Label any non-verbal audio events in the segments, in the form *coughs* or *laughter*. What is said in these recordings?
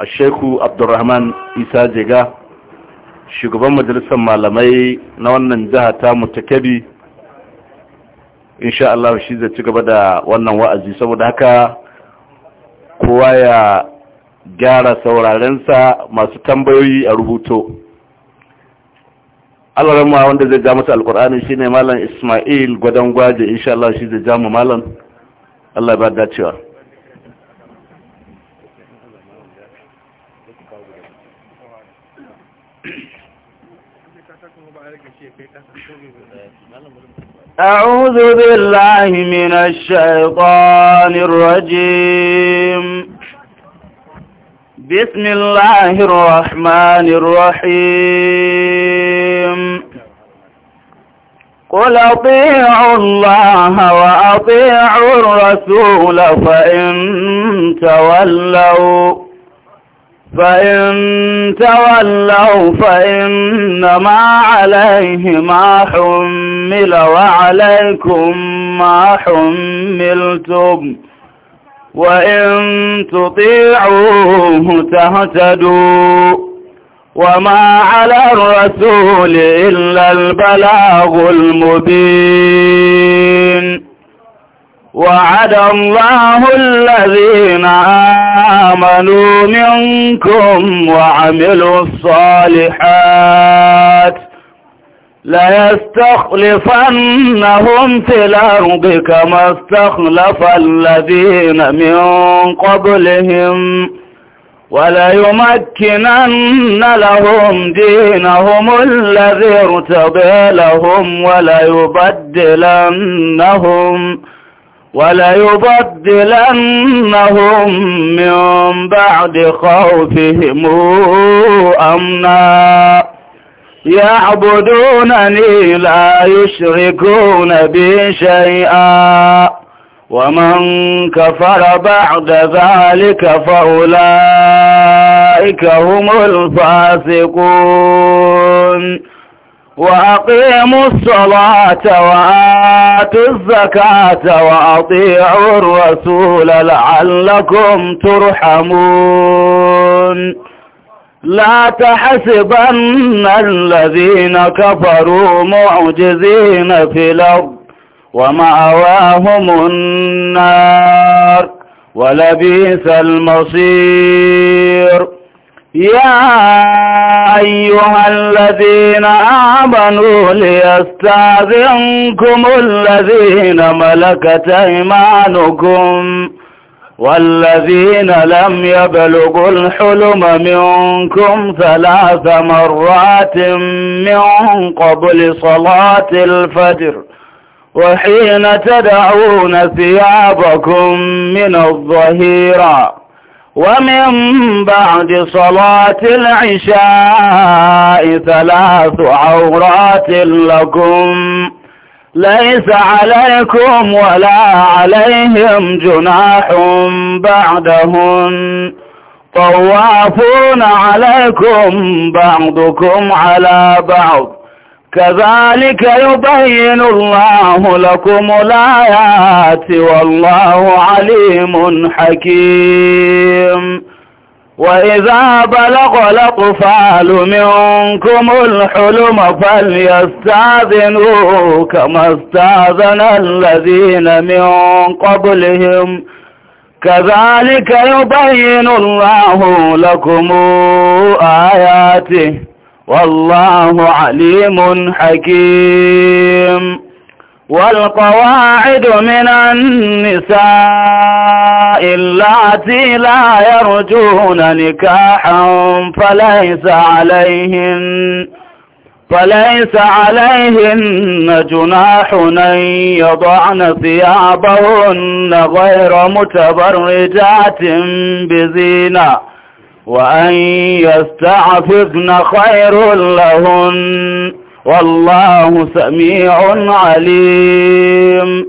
a sheku abdurrahman isa jega shugaban majalisar malamai na wannan jiha ta mutakabi insha Allah shi zai ci gaba da wannan wa'azi saboda haka kowa ya gyara saurarensa masu tambayoyi a rubuto alarama wanda zai ja masa alkur'ani shine malam ismail gwadon gwaje insha Allah shi zai ja mu malam Allah ba dacewa أعوذ بالله من الشيطان الرجيم بسم الله الرحمن الرحيم قل أطيعوا الله وأطيعوا الرسول فإن تولوا فإن تولوا فإنما عليه ما حمل وعليكم ما حملتم وإن تطيعوه تهتدوا وما على الرسول إلا البلاغ المبين وعد الله الذين آمنوا منكم وعملوا الصالحات ليستخلفنهم في الأرض كما استخلف الذين من قبلهم وليمكنن لهم دينهم الذي ارتضى لهم وليبدلنهم وليبدلنهم من بعد خوفهم أمنا يعبدونني لا يشركون بي شيئا ومن كفر بعد ذلك فأولئك هم الفاسقون وأقيموا الصلاة وآتوا الزكاة وأطيعوا الرسول لعلكم ترحمون لا تحسبن الذين كفروا معجزين في الأرض ومأواهم النار ولبئس المصير يا أيها الذين آمنوا ليستاذنكم الذين ملكت إيمانكم والذين لم يبلغوا الحلم منكم ثلاث مرات من قبل صلاة الفجر وحين تدعون ثيابكم من الظهيره ومن بعد صلاة العشاء ثلاث عورات لكم ليس عليكم ولا عليهم جناح بعدهن طوافون عليكم بعضكم على بعض كذلك يبين الله لكم الآيات والله عليم حكيم وإذا بلغ الأطفال منكم الحلم فليستاذنوا كما استاذن الذين من قبلهم كذلك يبين الله لكم آياته والله عليم حكيم والقواعد من النساء اللاتي لا يرجون نكاحا فليس عليهن فليس عليهن جناح أن يضعن ثيابهن غير متبرجات بزينه وأن يستعففن خير لهن والله سميع عليم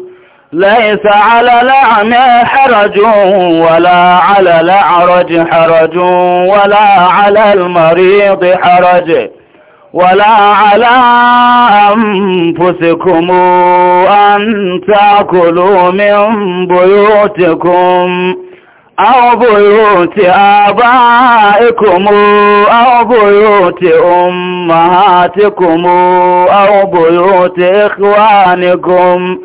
ليس على الأعمى حرج ولا على الأعرج حرج ولا على المريض حرج ولا على أنفسكم أن تأكلوا من بيوتكم أو بيوت آبائكم أو بيوت أمهاتكم أو بيوت إخوانكم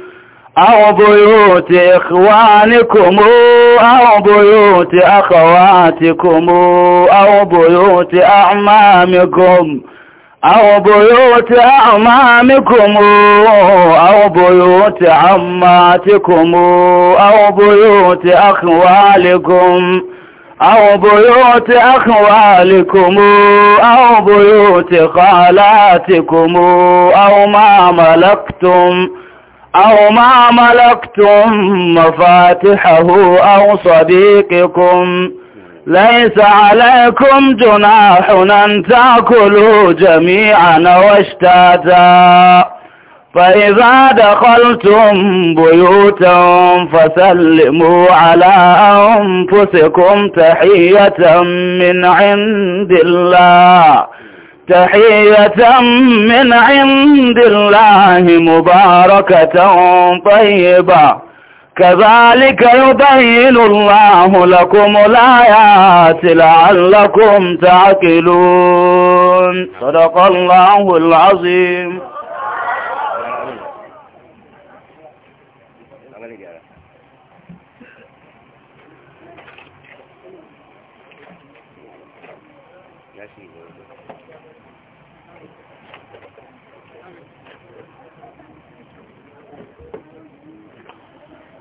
أو بيوت إخوانكم أو بيوت أخواتكم أو بيوت أعمامكم أو بيوت أعمامكم أو بيوت عماتكم أو بيوت أخوالكم أو بيوت أخوالكم أو بيوت خالاتكم أو ما ملكتم أو ما ملكتم مفاتحه أو صديقكم ليس عليكم جناح أن تأكلوا جميعا واشتاتا فإذا دخلتم بيوتا فسلموا على أنفسكم تحية من عند الله تحية من عند الله مباركة طيبة كذلك يبين الله لكم الآيات لعلكم تعقلون صدق الله العظيم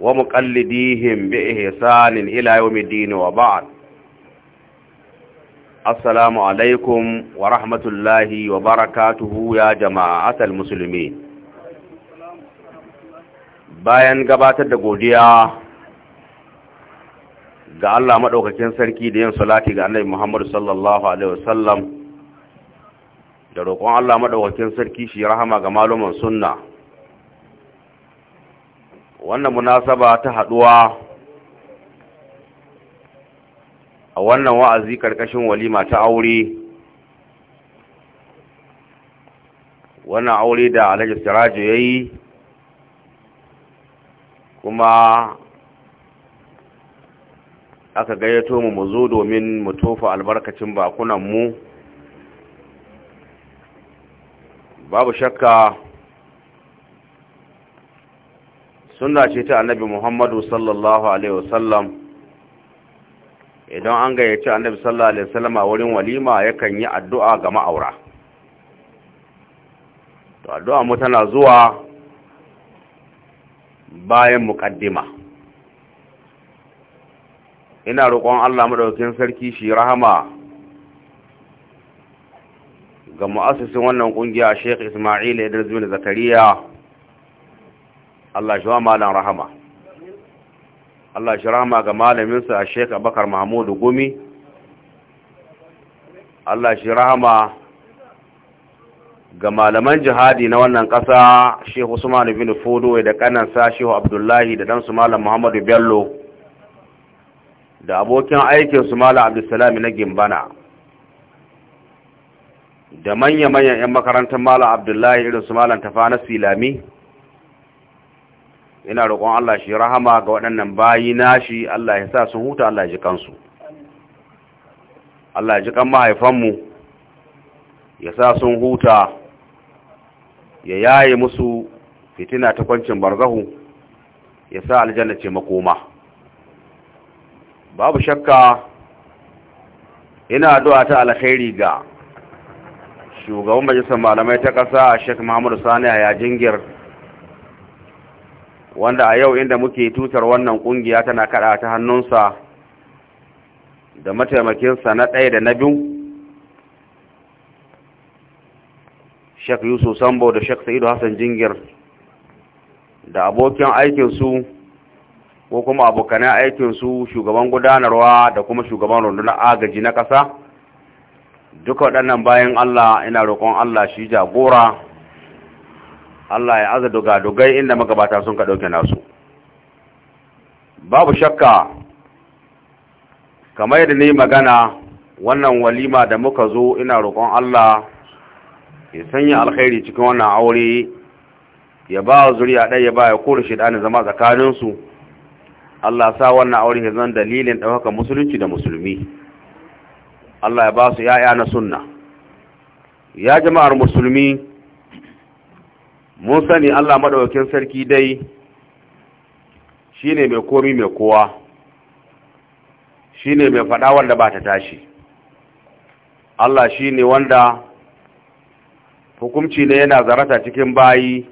ومقلديهم بإحسان إلى wa الدين وبعد السلام عليكم ورحمة الله وبركاته يا جماعة المسلمين bayan gabatar da godiya ga Allah maɗaukakin sarki da yin salati ga annabi Muhammadu sallallahu alaihi wasallam da roƙon Allah maɗaukakin sarki shi rahama ga malumin sunna wannan munasaba ta haduwa a wannan wa'azi karkashin walima ta aure wannan aure da alhaji sirajo ya yi kuma aka gayyato mu mu zo domin mu tofa albarkacin bakunanmu babu shakka sunna ce ta annabi muhammadu sallallahu alaihi wasallam idan an gayyaci annabi sallallahu alaihi wasallam a wurin walima yakan yi addu'a ga ma'aura to addu'a mu tana zuwa bayan muqaddima ina roƙon Allah madaukakin sarki shi rahama ga mu'assisin wannan kungiya Sheikh Ismail Idris bin Zakariya Allah shi wa malam rahama Allah shi rahama ga malaminsa a Sheikh Abakar Mahamudu Gumi Allah shi rahama ga malaman jihadi na wannan ƙasa Sheikh Usman bin Fudu da kanansa Sheikh Abdullahi da dan su malam Muhammadu Bello da abokin aikin su malam Abdulsalam na Gimbana da manya-manyan 'yan makarantar malam Abdullahi irin su malam Tafa na Silami ina roƙon Allah shi rahama ga waɗannan bayi nashi Allah ya sa sun huta Allah ya ji kansu Allah ya ji kan mahaifanmu ya sa sun huta ya yaye musu fitina ta kwancin barzahu ya sa aljanna ce makoma babu shakka ina addu'a ta alkhairi ga shugaban majalisar malamai ta ƙasa Sheikh Muhammadu Sani ya jingir wanda a yau inda muke tutar wannan kungiya tana kada ta hannunsa da mataimakinsa na ɗaya da na biyu Sheikh Yusuf Sambo da Sheikh Sa'idu Hassan Jingir da abokin aikinsu ko kuma abokan aikinsu shugaban gudanarwa da kuma shugaban rundunar agaji na ƙasa duka waɗannan bayan Allah ina roƙon Allah shi jagora Allah ya aza dogadogai inda magabata sun ka ɗauke nasu babu shakka kamar yadda ni magana wannan walima da muka zo ina roƙon Allah ya sanya alkhairi cikin wannan aure ya ba zuriya ɗaya ya ba ya kore shi zama tsakaninsu Allah sa wannan aure ya zan dalilin ɗaukaka musulunci da musulmi Allah ya ba su ‘ya'ya na sunna ya jama'ar musulmi mun sani Allah maɗaukin sarki dai shi ne mai komi mai kowa shi ne mai faɗa wanda ba ta tashi Allah shi ne wanda hukumci ne yana zarata cikin bayi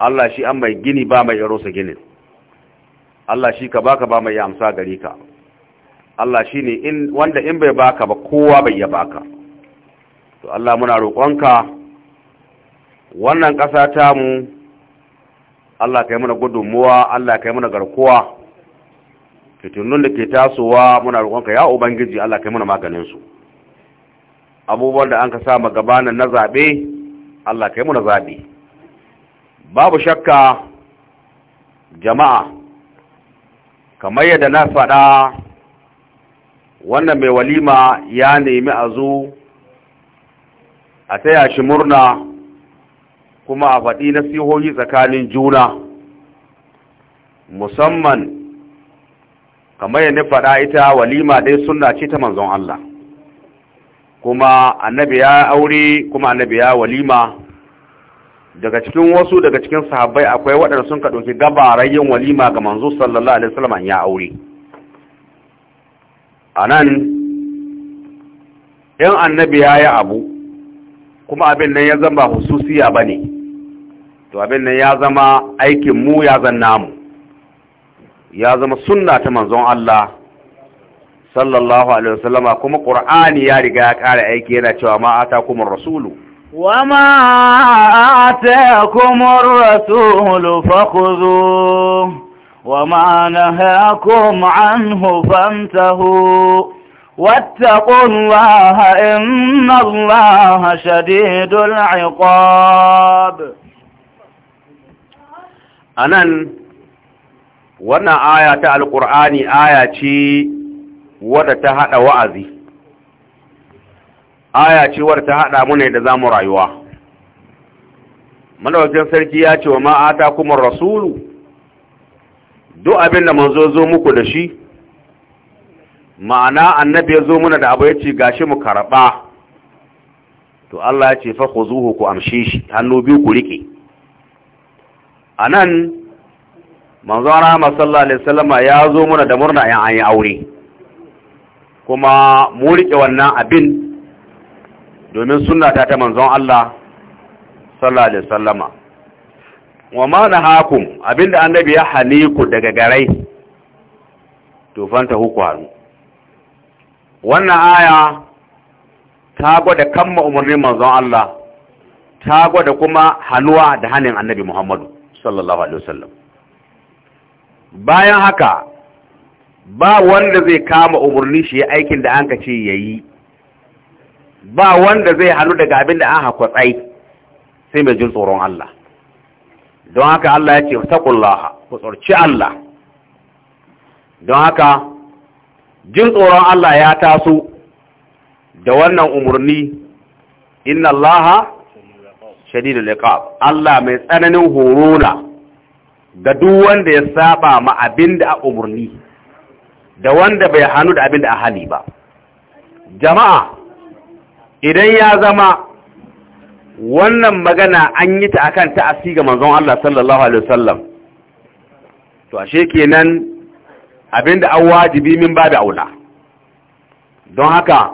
Allah shi an mai gini ba mai irosa ginin Allah shi ka baka ba mai amsa gari ka Allah shi ne wanda in bai baka ba kowa bai ya baka to Allah muna roƙonka wannan ƙasa ta mu Allah ka yi mana gudunmuwa Allah ka yi mana garkuwa fitinun da ke tasowa muna roƙonka ya ubangiji Allah ka yi mana maganinsu. abubuwan da an ka sama gabanin na zaɓe Allah ka yi mana zaɓe babu shakka jama'a kamar yadda na faɗa wannan mai walima ya nemi a zo a taya shi murna kuma a faɗi nasihohi tsakanin juna musamman kamar yadda faɗa ita walima dai suna ce ta manzon Allah kuma annabi ya aure kuma annabi ya walima daga cikin wasu daga cikin sahabbai akwai waɗanda sun ka ɗauki gabarar yin walima ga manzo sallallahu alaihi wasallam ya aure anan in annabi ya yi abu kuma abin nan ya zama hususiya bane to abin nan ya zama aikin mu ya zan namu ya zama sunna ta manzon Allah sallallahu alaihi wasallama kuma qur'ani ya riga ya kare aiki yana cewa ma atakumur rasulu wama atakumur rasulu fakhudhu wama nahakum anhu famtahu واتقوا الله إن الله شديد العقاب anan wannan aya ta alƙur'ani aya ce wadda ta haɗa wa'azi aya ce wadda ta haɗa mu ne da za rayuwa madawakin sarki ya ce wa ata kuma rasulu duk abin da manzo zo muku da shi ma'ana annabi ya zo muna da abu ya ce gashi mu karɓa to Allah ya ce fa ku ku amshe shi hannu biyu ku rike a nan manzon rama sallallahu alaihi wasallama ya zo muna da murna yan an yi aure kuma mu rike wannan abin domin sunna ta ta manzon Allah sallallahu alaihi wasallama wa ma abin abinda annabi ya haliku ku daga garai to fanta huku haru wannan aya ta gwada kamma umarnin manzon Allah ta gwada kuma hanuwa da hanin annabi Muhammadu sallallahu alaihi wasallam bayan haka ba wanda zai kama umarni shi ya aikin da an ka ce yayi ba wanda zai hannu daga abin da an tsai sai mai jin tsoron Allah don haka Allah ya ce taqullaha ku tsorci Allah don haka jin tsoron Allah ya taso da wannan umarni inna Allaha shadidul liqab Allah mai tsananin horona da duk wanda ya saba ma abinda a umurni da wanda bai hannu da abinda a hali ba jama'a idan ya zama wannan magana an yi ta akan ta'asi ga manzon Allah sallallahu alaihi wasallam to ashe kenan abinda an wajibi min ba da aula don haka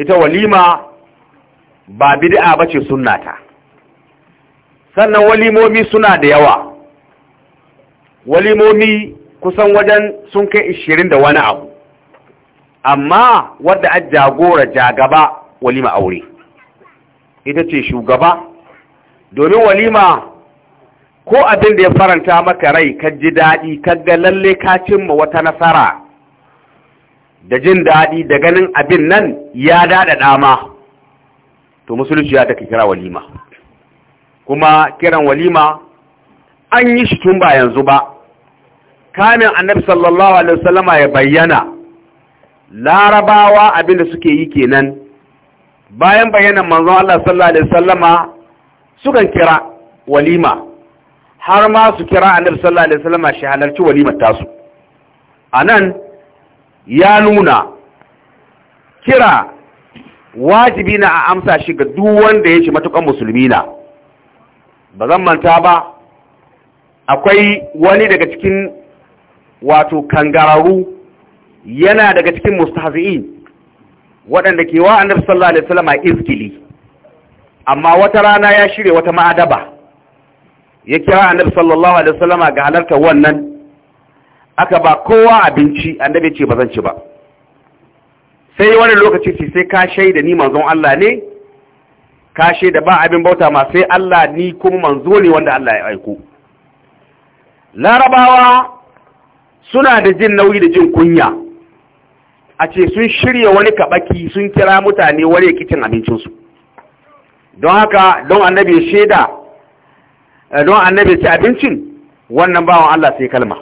ita walima ba bid'a bace sunnata sannan walimomi suna da yawa walimomi kusan wajen sun kai ishirin da wani abu amma wadda a jagora jagaba walima aure ita ce shugaba domin walima ko abin da ya faranta maka rai ka ji daɗi ka ga lalle ka cimma wata nasara da jin daɗi da ganin abin nan ya daɗa dama to musulunci ya take kira walima kuma kiran walima an yi shi tun ba yanzu ba kamin annabi sallallahu alaihi wasallama ya bayyana larabawa abinda suke yi kenan bayan bayanan manzon Allah sallallahu alaihi wasallama sukan kira walima har ma su kira annabi sallallahu alaihi wasallama shi halarci walimar tasu anan ya nuna kira wajibi na a amsa shi ga duk wanda ya ce matukan musulmi na ba zan manta ba akwai wani daga cikin wato kangararu yana daga cikin mustahzi'in waɗanda ke wa annabi sallallahu alaihi wasallam izkili. amma wata rana ya shirye wata ma'adaba ya kira annabi sallallahu alaihi wasallam ga halartar wannan aka ba kowa abinci annabi ce ba zan ci ba sai wani lokaci ce sai ka shaida ni manzon Allah ne ka shaida ba abin bauta ma sai Allah ni kuma manzo ne wanda Allah ya aiko larabawa suna da jin nauyi da jin kunya a ce sun shirya wani kabaki sun kira mutane wani ya kicin abincinsu don haka don annabi ya shaida eh, don annabi ya ci abincin wannan bawan Allah sai kalma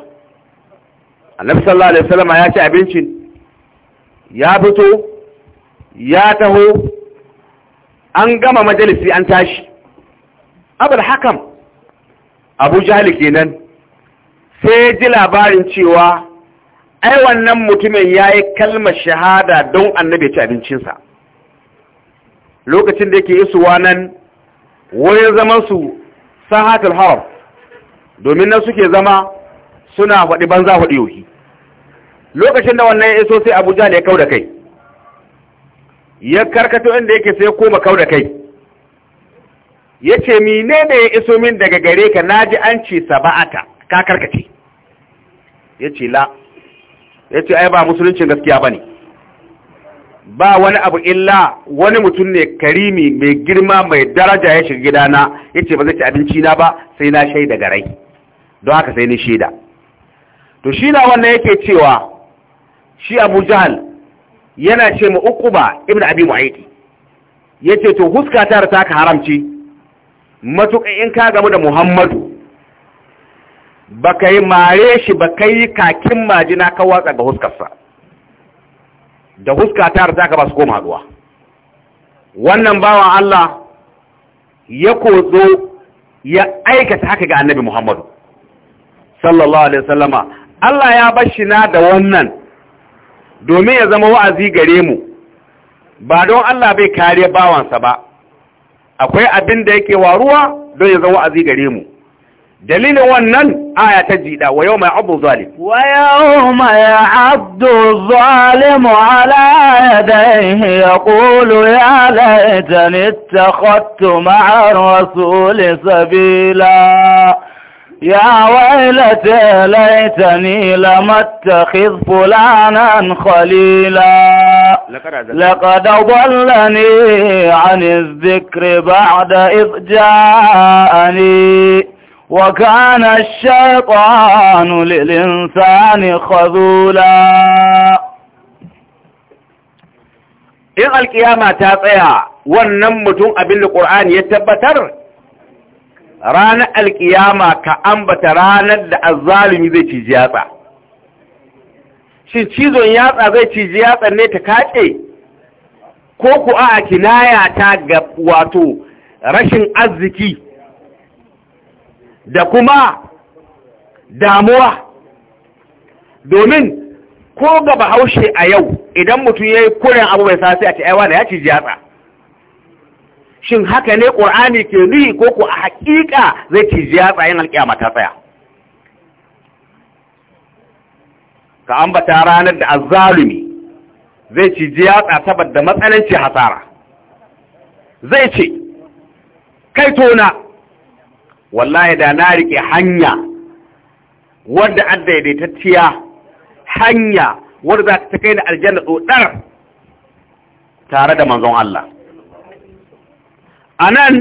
annabi sallallahu alaihi wasallam ya ci abincin ya fito ya taho an gama majalisi an tashi abul hakan abu jahali kenan sai ji labarin cewa ai wannan mutumin ya yi kalmar shahada don annabi ci abincinsa lokacin da yake isuwa nan wurin zamansu sahatul haram domin nan suke zama suna faɗi banza faɗi yohi lokacin da wannan ya iso sai abuja ne ya da kai ya karkato inda yake sai koma da kai yace menene ya iso min daga gare ka naji an ce saba'ata ka karkace yace la yace ai ba musuluncin gaskiya bane ba wani abu illa wani mutum ne karimi mai girma mai daraja ya shiga gidana yace ba zai ci abinci na ba sai na shaida garai don haka sai ni shaida to shi na wannan yake cewa shi abu jahal yana ce ma ba ibn abi mu'aidi yace to huska ta ta ka haramci matuƙa in ka gamu da muhammadu baka yi mare shi baka yi kakin majina ka watsa ga huskarsa da huska ta ta ka ba su koma zuwa wannan bawan Allah ya kozo ya aikata haka ga annabi muhammadu sallallahu alaihi wasallama Allah ya bashi na da wannan domin ya zama wa'azi gare mu ba don Allah bai kare bawansa ba akwai abin da yake waruwa don ya zama wa'azi gare mu dalilin wannan aya ta jida wa yau mai abu zalim wa yau mai abu zalim ala yadaihi ya kulu ya laita ni ta kwattu ma'ar rasu sabila يا ويلتى ليتني لم اتخذ فلانا خليلا لقد أضلني عن الذكر بعد إذ جاءني وكان الشيطان للإنسان خذولا إذا القيامة تطيع ونمت mutum القرآن يتبتر ranar alkiyama ka ambata ranar da azzalumi zai ciji yatsa Shin cizon yatsa zai ciji yatsa ne ta kace ko ku a kinaya ta ga wato rashin arziki da kuma damuwa domin ko ga bahaushe a yau idan mutum ya yi kuren abu mai sasi a ce da ya ciji yatsa shin haka ne ƙur'ani ke ni ko ku a haƙiƙa zai ciji ya tsayin alƙiyama ta tsaya ka ambata ranar da azzalumi zai ciji ya tsa saboda matsananci hasara zai ce kai tona wallahi da na riƙe hanya wadda an daidaitattiya hanya wadda za ta kai na aljanna tsotsar tare da manzon Allah a nan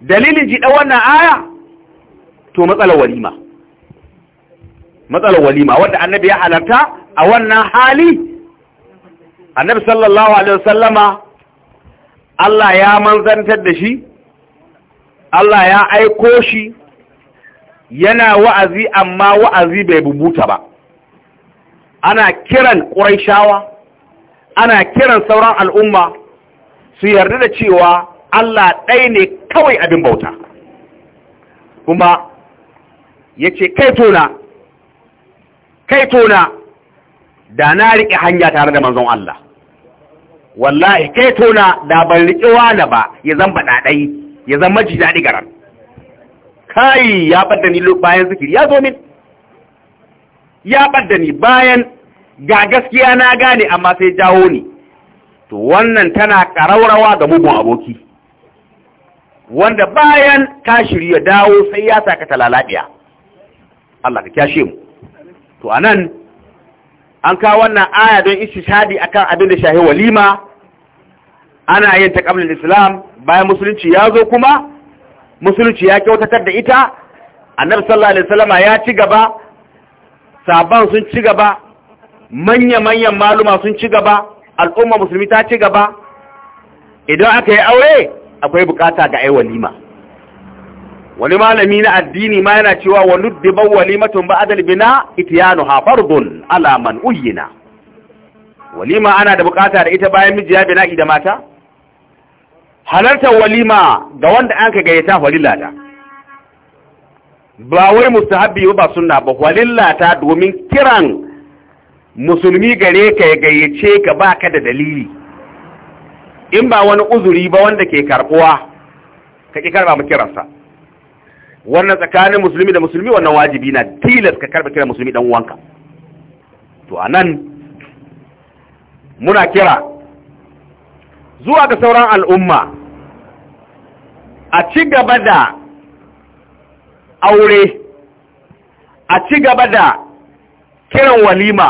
dalilin jiɗa wannan aya to matsalar walima matsalar walima wadda annabi ya halarta a wannan hali annabi sallallahu alaihi wasallama Allah ya manzantar da shi Allah ya aiko shi yana wa'azi amma wa'azi bai bubuta ba ana kiran ƙuraishawa ana kiran sauran al'umma su yarda da cewa Allah ɗai ne kawai abin bauta kuma ya ce kai tona da na riƙe hanya tare da manzon Allah wallahi kai da ban riƙe wani ba ya zan baɗaɗai ya zan maji daɗi garar kai ya ɓadda ni bayan zikiri ya zo min ya ɓadda ni bayan ga gaskiya na gane amma sai jawo ni to wannan tana ƙararrawa ga mugun aboki wanda bayan ka shirya dawo sai ya saka ta lalabiya Allah ka kyashe mu to anan an kawo wannan aya don istishadi akan abin da shahi walima ana yin ta qablin islam bayan musulunci ya zo kuma musulunci ya kyautatar da ita annabi sallallahu alaihi wasallama ya ci gaba saban sun ci gaba manya-manyan maluma sun ci gaba al'umma musulmi ta ci gaba idan aka yi aure akwai bukata ga ai walima wani malami na addini ma yana cewa wa nuddiba walimatun ba'dal bina ha fardun ala man uyyina walima ana da bukata da ita bayan mijiya bina da mata halartar walima ga wanda an ka gayyata walilata ba wai mustahabbi ba sunna ba walilata domin kiran musulmi gare ka ya gayyace ka baka da dalili in ba wani uzuri ba wanda ke karbuwa ka ki karba mu kiransa wannan tsakanin musulmi da musulmi wannan wajibi na tilas ka karba kiran musulmi dan uwanka to anan muna kira zuwa ga sauran al'umma a ci gaba da aure a ci gaba da kiran walima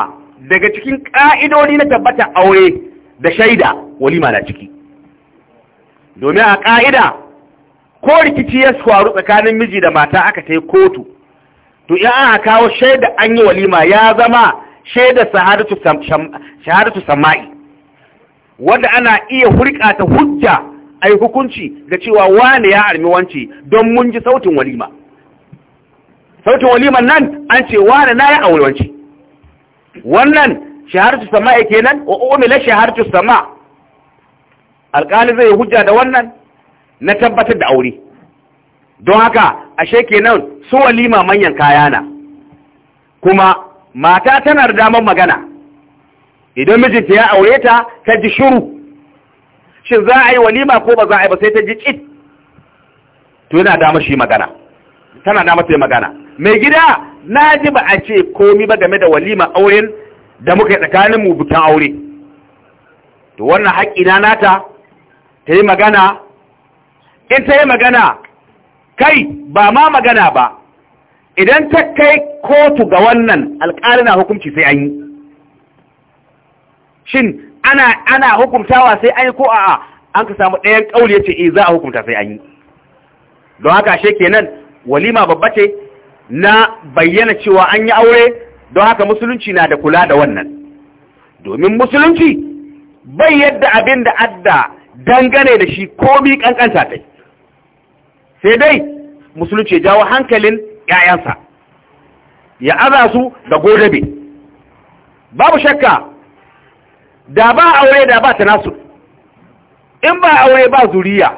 daga cikin ƙa'idodi na tabbata aure da shaida walima na ciki domin a ƙa'ida ko rikici ya faru tsakanin miji da mata aka ta kotu to in aka kawo shaida an yi walima ya zama shaida shahadatu sama'i wanda ana iya hurƙa hujja a yi hukunci da cewa wane ya armi wance don mun ji sautin walima sautin waliman nan an ce wane na ya aure wance wannan ya ke kenan wa umila shaharatu sama alƙali zai hujja da wannan na tabbatar da aure don haka ashe kenan su walima manyan kaya na kuma mata tana da damar magana idan mijinta ya aure ta ta ji shiru shin za a yi walima ko ba za a yi ba sai ta ji cit to yana damar shi magana tana damar sai magana mai gida na ji ba a ce komi ba game da walima auren da muka yi tsakanin mu bikin aure to wannan haƙƙi na nata ta yi magana in ta yi magana kai ba ma magana ba idan ta kai kotu ga wannan alƙali na hukunci sai an yi shin ana ana hukuntawa sai an yi ko a an ka samu ɗayan ƙauli ya ce eh, za a hukunta sai an yi don haka ashe kenan walima babba ce na bayyana cewa an yi aure don haka musulunci na da kula da wannan domin musulunci bai yadda abin da adda dangane da shi komi kankanta tai sai dai musulunci jawo hankalin 'ya'yansa ya aza su da godabe babu shakka da ba aure da ba ta nasu in ba aure ba zuriya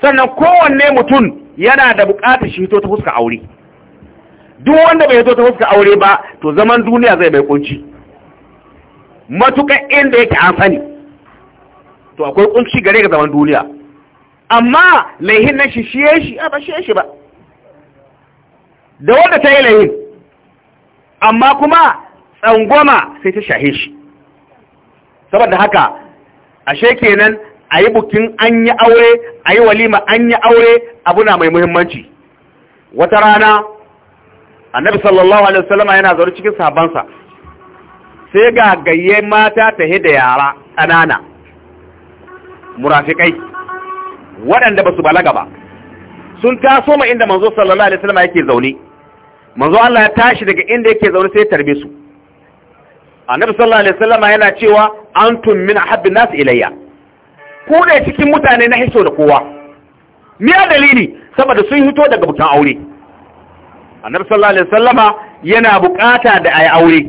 sannan kowanne mutum yana da bukatar shi ta fuska aure duk wanda bai zo ta fuska aure ba to zaman duniya zai bai kunci matuƙa inda yake an sani to akwai kunci gare ga zaman duniya amma laihin na shi shiye shi a ba shiye shi ba da wanda ta yi laihin amma kuma tsangwama sai ta shahe shi saboda haka ashe kenan a yi bukin an yi aure a yi walima an yi aure abu na mai muhimmanci wata rana annabi sallallahu alaihi wasallam yana zaune cikin sahabbansa sai ga gayye mata ta da yara kanana murafikai waɗanda ba su balaga ba sun taso ma inda manzo sallallahu alaihi wasallam yake zaune manzo Allah ya tashi daga inda yake zaune sai ya tarbe su annabi sallallahu alaihi wasallam yana cewa antum min ahabbi nas ilayya ko da cikin mutane na hiso da kowa me dalili saboda sun hito daga bukan aure annabi sallallahu alaihi wasallama yana bukata da ayi aure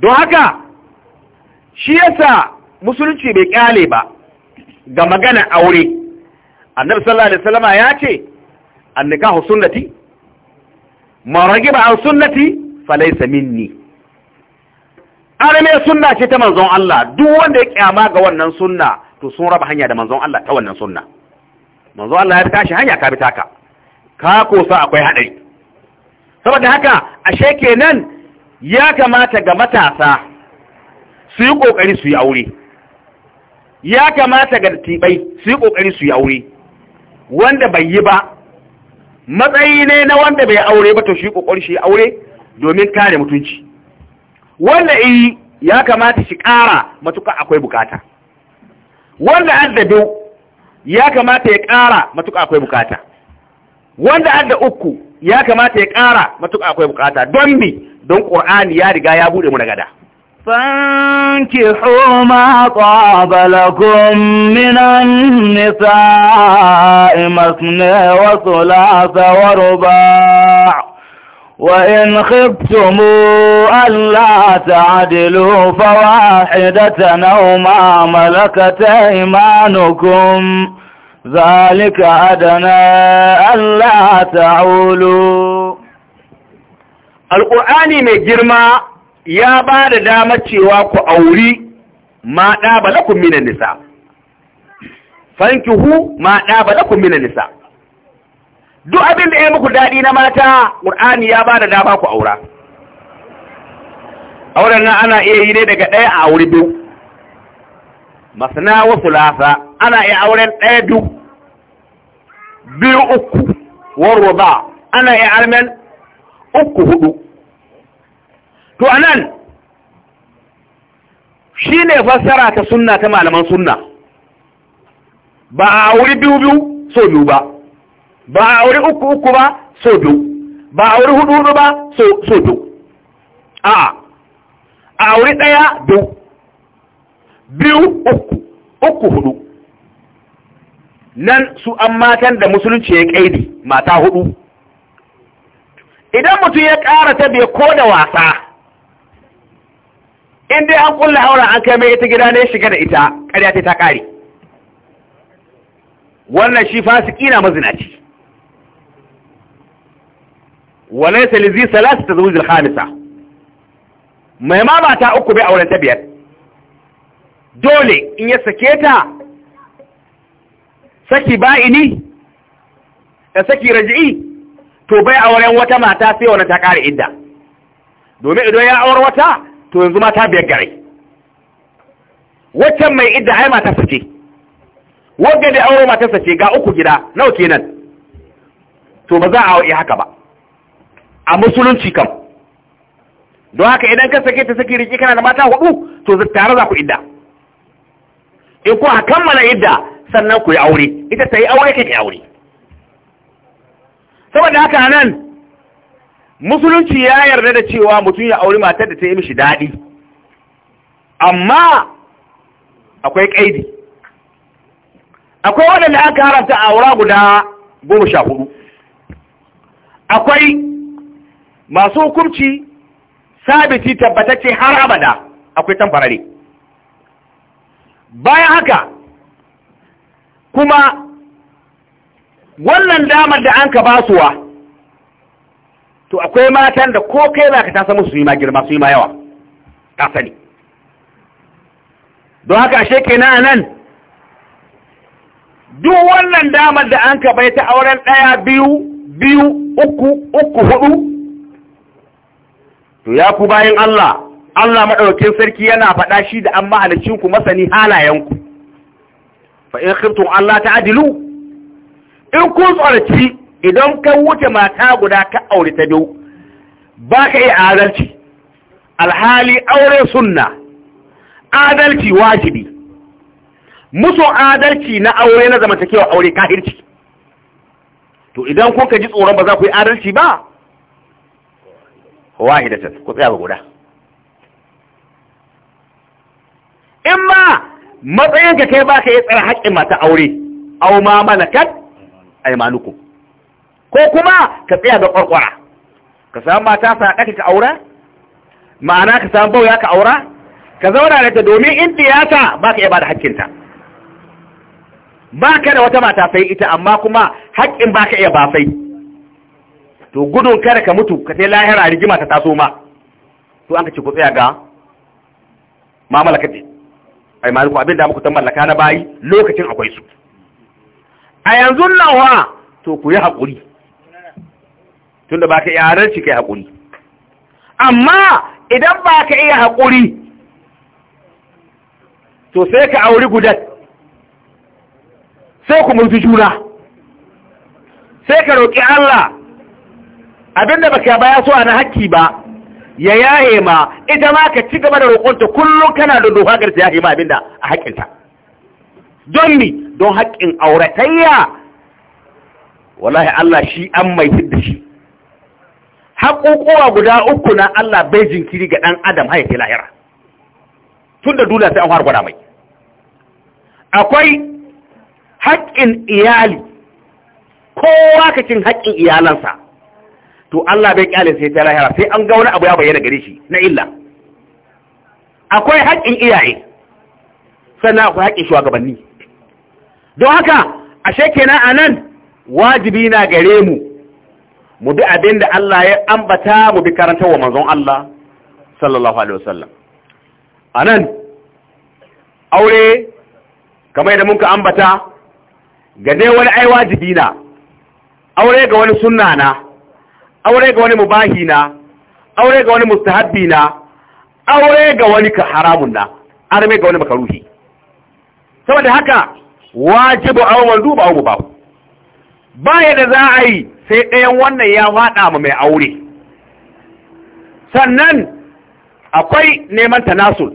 don haka shi yasa musulunci bai kyale ba ga magana aure annabi sallallahu alaihi wasallama ya ce annikahu sunnati ma ragiba an sunnati falaysa minni arme sunna ce ta manzon Allah duk wanda ya kyama ga wannan sunna to sun raba hanya da manzon Allah ta wannan sunna manzon Allah ya tashi hanya ka bi taka ka kosa akwai hadari saboda haka ashe kenan ya kamata ga matasa su yi ƙoƙari su yi aure ya kamata ga tibai su yi ƙoƙari su yi aure wanda bai yi ba matsayi ne na wanda bai aure ba to shi ƙoƙari shi aure domin kare mutunci wanda yi ya kamata shi ƙara matuka akwai bukata wanda addabi ya kamata ya ƙara matuka akwai bukata wanda adda uku ya kamata ya ƙara matuka akwai bukata don bi don ƙor'ani ya riga ya buɗe mu daga da. Sanke Homa ƙwabalagun minan nisa in wasu lasawaru ba, wa in kifto mu Allah ta adilu fawa ƙidata na umar malakata imanukun. ذلك أدنى ألا تعولوا القرآن mai girma ya ba da damar cewa ku auri ma ɗaba lakum minan nisa fankihu ma ɗaba lakum minan nisa duk abin da ya muku daɗi na mata ƙur'ani ya ba da dama ku aura auren na ana iya yi ne daga ɗaya a aure biyu masana wasu lasa ana iya auren ɗaya du biyu uku warwa ba ana iya armen uku hudu to nan shi ne fassara ta sunna ta malaman sunna ba a wuri biyu biyu so biyu ba ba a wuri uku uku ba so biyu ba a wuri hudu hudu ba so biyu a a wuri ɗaya biyu biyu uku uku hudu nan su an matan da musulunci ya kaidi mata hudu idan mutum ya ƙara ta bai ko da wasa in dai an kulla haura an kai mai ita gida ne shiga da ita ƙarya ta ƙare wannan shi fasiki na mazinaci walaysa salizi salas ta al-khamisa mai ma mata uku bai auren ta biyar dole in ya sake ta saki ba'ini da saki raji'i to bai auren wata mata sai wani ta kare idda domin idan ya aure wata to yanzu mata biyar gare waccan mai idda ai mata sace wanda da aure mata sace ga uku gida nawa kenan to ba za a yi haka ba a musulunci kam don haka idan ka sake ta saki riki kana da mata hudu to tare za ku idda in ku a kammala idda sannan ku yi aure ita ta yi aure kai kai aure saboda haka nan musulunci ya yarda da cewa mutum ya aure matar da ta yi mishi daɗi amma akwai ƙaidi akwai waɗanda aka haramta aura guda goma sha hudu akwai masu hukumci sabiti tabbatacce har abada akwai tamfarare bayan haka kuma wannan damar da an ka basuwa to akwai matan da ko kai za ka ta samu su yi ma girma su yi ma yawa ta sani don haka ashe kenan nan duk wannan damar da an ka bai ta auren ɗaya biyu biyu uku uku hudu to ya ku bayan Allah Allah maɗaukin sarki yana faɗa shi da an ma'alicinku masani halayenku fa in khiftum Allah ta'dilu in kun tsarci idan ka wuce mata guda ka aure ta biyu ba ka yi adalci alhali aure sunna adalci wajibi musu adalci na aure na zamantakewa aure kahirci to idan kun ka ji tsoron ba za ku yi adalci ba wahidatan ku tsaya ba guda in ma matsayin ka kai baka ka yi tsara haƙƙin mata aure au ma malakat aymanuku ko kuma ka tsaya da ƙwarƙwara ka samu mata saɗaka ka aura ma'ana ka samu bauya ka aura ka zauna da ta domin in tiyata ba ka iya ba da haƙƙinta ba ka da wata mata sai ita amma kuma haƙƙin ba ka iya ba to gudun kada ka mutu ka sai lahira rigima ta taso ma to an ka ci ku tsaya ga mamalaka ai maliku abin da muku ta mallaka na bayi lokacin akwai su a yanzu nan wa to ku yi haƙuri tunda ba ka yaran shi kai haƙuri amma idan baka iya haƙuri to sai ka auri gudan sai ku mutu juna sai ka roƙi Allah abinda baka baya so a na haƙƙi ba ya yaye ma ita ma ka ci gaba da roƙonta kullum kana da duha garci yaye ma abinda a haƙinta don mi don haƙin auratayya wallahi Allah shi an mai hidda shi haƙoƙowa guda uku na Allah bai jinkiri ga ɗan adam ke lahira tun da dula sai an fara gwada mai akwai haƙƙin iyali kowa ka cin haƙƙin iyalansa to Allah bai kyale sai ta lahira sai an ga wani abu ya bayyana gare shi na illa akwai haƙƙin iyaye sannan akwai haƙƙin shugabanni don haka ashe kenan nan, wajibi na gare mu mu bi abin da Allah ya ambata mu bi karanta wa manzon Allah sallallahu alaihi wasallam anan aure kamar yadda muka ambata ga dai wani ai wajibi na aure ga wani sunna na aure ga wani mubahi na aure ga wani mustahabbi na aure ga wani haramun na arme ga wani makaruhi saboda haka wajibu aw mandubu mu ba. baya da za a yi sai ɗayan wannan ya faɗa ma mai aure sannan akwai neman tanasul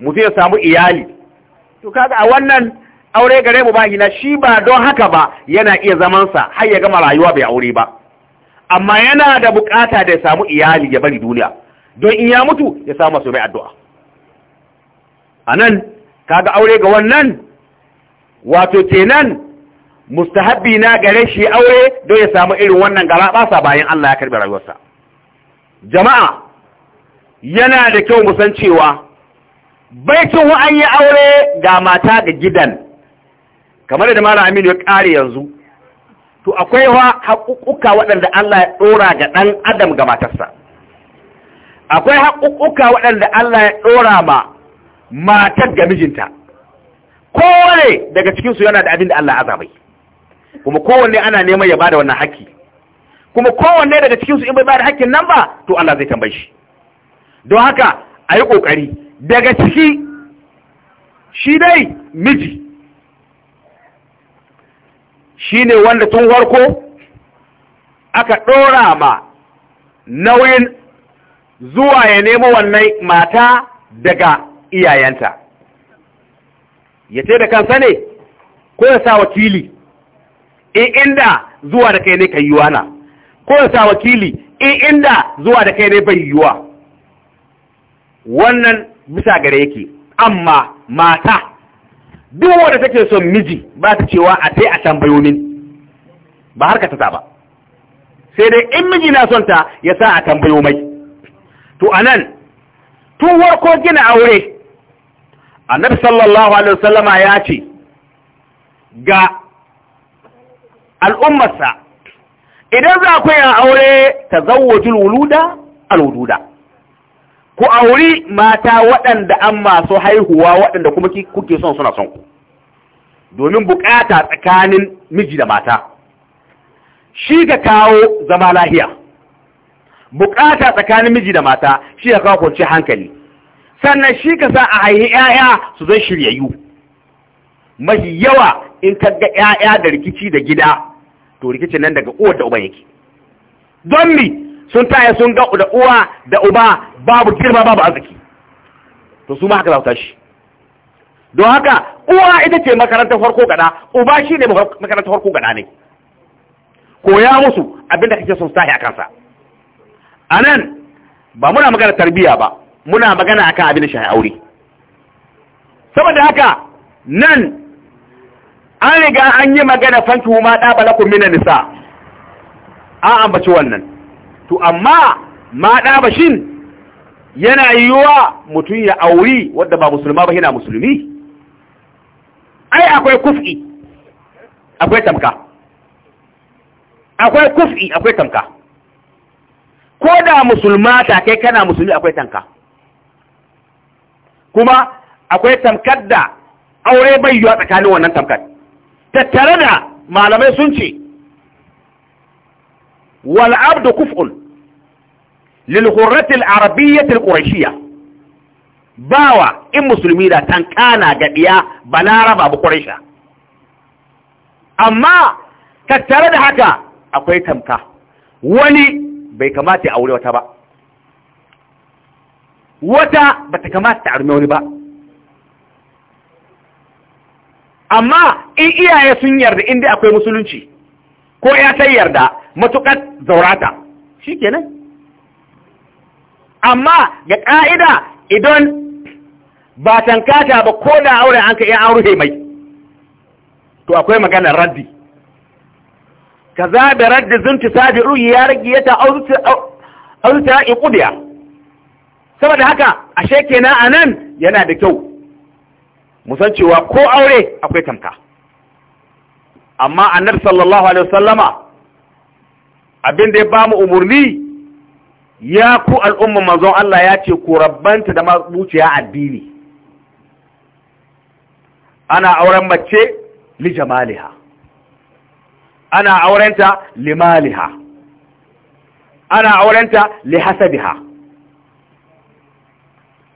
mu ya samu iyali to kaga a wannan aure gare mu ba shi ba don haka ba yana iya zamansa har ya gama rayuwa bai aure ba amma yana da bukata da ya samu iyali ya bari duniya don in ya mutu ya samu su mai addu'a a nan kaga aure ga wannan wato kenan mustahabbi na gare shi aure don ya samu irin wannan gara basa bayan Allah ya karbi rayuwarsa jama'a yana da kyau mu san cewa baitin wa an yi aure ga mata ga gidan kamar da mara Aminu ya ƙare yanzu to akwai wa haƙuƙuka waɗanda Allah ya ɗora ga ɗan adam ga matarsa akwai haƙuƙuka waɗanda Allah ya ɗora ma matar ga mijinta kowane daga cikinsu yana da abin da Allah azabai kuma kowanne ana neman ya bada wannan haƙƙi kuma kowanne daga cikinsu in bai bada haƙƙin nan ba to Allah zai tambaye shi don haka ayi yi ƙoƙari daga ciki shi dai miji shine wanda tun warko aka ɗora ma nauyin zuwa ya nemo wannan mata daga iyayenta ya ce da kansa ne ko ya sa wakili in inda zuwa da kai ne ka yiwa na ko ya sa wakili in inda zuwa da kai ne bai yiwa wannan bisa gare yake amma mata duk wanda take son miji ba ta cewa a sai a tambayo min ba harka ta ba sai dai in miji na son ta ya sa a tambayo mai to anan tun warko gina aure annabi sallallahu alaihi wasallama ya ce ga al'ummarsa idan za ku yi aure ta zawo wuluda al-wududa ku auri mata waɗanda an masu haihuwa waɗanda kuma kuke son suna son ku domin buƙata tsakanin miji da mata shi ga kawo zama lahiya Buƙata tsakanin miji da mata shi ga kawo kwanci hankali sannan shi ka sa a haihi 'ya'ya su zai shiryayyu mafi yawa in ka ga 'ya'ya da rikici da gida to rikicin nan daga uwar da uban yake don mi sun taya sun ga da uwa da uba babu girma babu arziki to su ma haka za su tashi don haka uwa ita ce makarantar farko gada uba shi ne makarantar farko gada ne koya musu abinda kake son sahi a kansa a nan ba muna magana tarbiyya ba muna magana akan abin da aure saboda haka nan an riga an yi magana fanki huma ɗabalakun mina nisa an ambaci wannan to amma ma bashin yana yiwuwa mutum ya auri wadda ba musulma ba yana musulmi ai akwai kuf'i akwai tamka akwai kuf'i akwai tamka ko da musulma ta kai kana musulmi akwai tamka kuma akwai tamkar da aure bai yiwa tsakanin wannan tamkar tattare da malamai sun ce والعبد كفء للغرة العربية القريشية bawa in musulmi da tankana ga ɗiya balaraba bu ƙuraisha amma tattare da haka akwai tamka wani bai kamata ya aure wata ba wata bata ta kamata ta arme wani ba amma in iyaye sun yarda inda akwai musulunci ko ya ta yarda matukar zaurata shi kenan amma ga ƙa'ida idan ba tankata ba ko da aure an ka iya an rufe mai to akwai maganar raddi ka da raddi zunti sabi ruyi ya rage ta auzuta ya ƙudiya saboda haka ashe kenan a nan yana da kyau musan cewa ko aure akwai tamka amma annabi sallallahu alaihi wasallama abin da ya bamu mu umarni ya ku al'umma manzon Allah ya ce ku rabbanta da mabuciya addini ana auren mace li jamaliha ana aurenta li maliha ana aurenta li hasabiha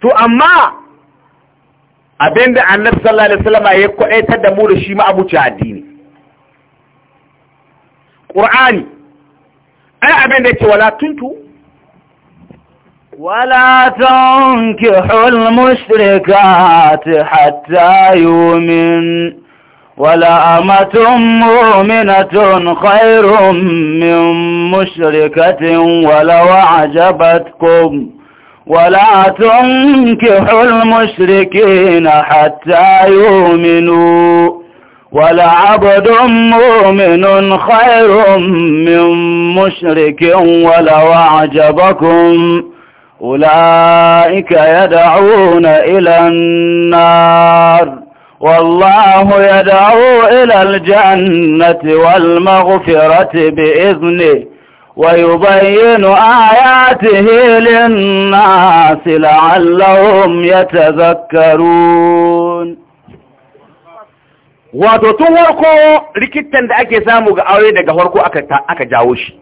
to amma abinda annabi sallallahu alaihi wasallam ya kwaitar da mu da shi ma abuci addini qur'ani ولا تنكحوا المشركات حتى يؤمن ولا أمة مؤمنة خير من مشركة ولو أعجبتكم ولا تنكحوا المشركين حتى يؤمنوا ولعبد مؤمن خير من مشرك ولو أعجبكم أولئك يدعون إلى النار والله يدعو إلى الجنة والمغفرة بإذنه ويبين آياته للناس لعلهم يتذكرون wato tun warko rikitan da ake samu ga aure daga warko aka jawo shi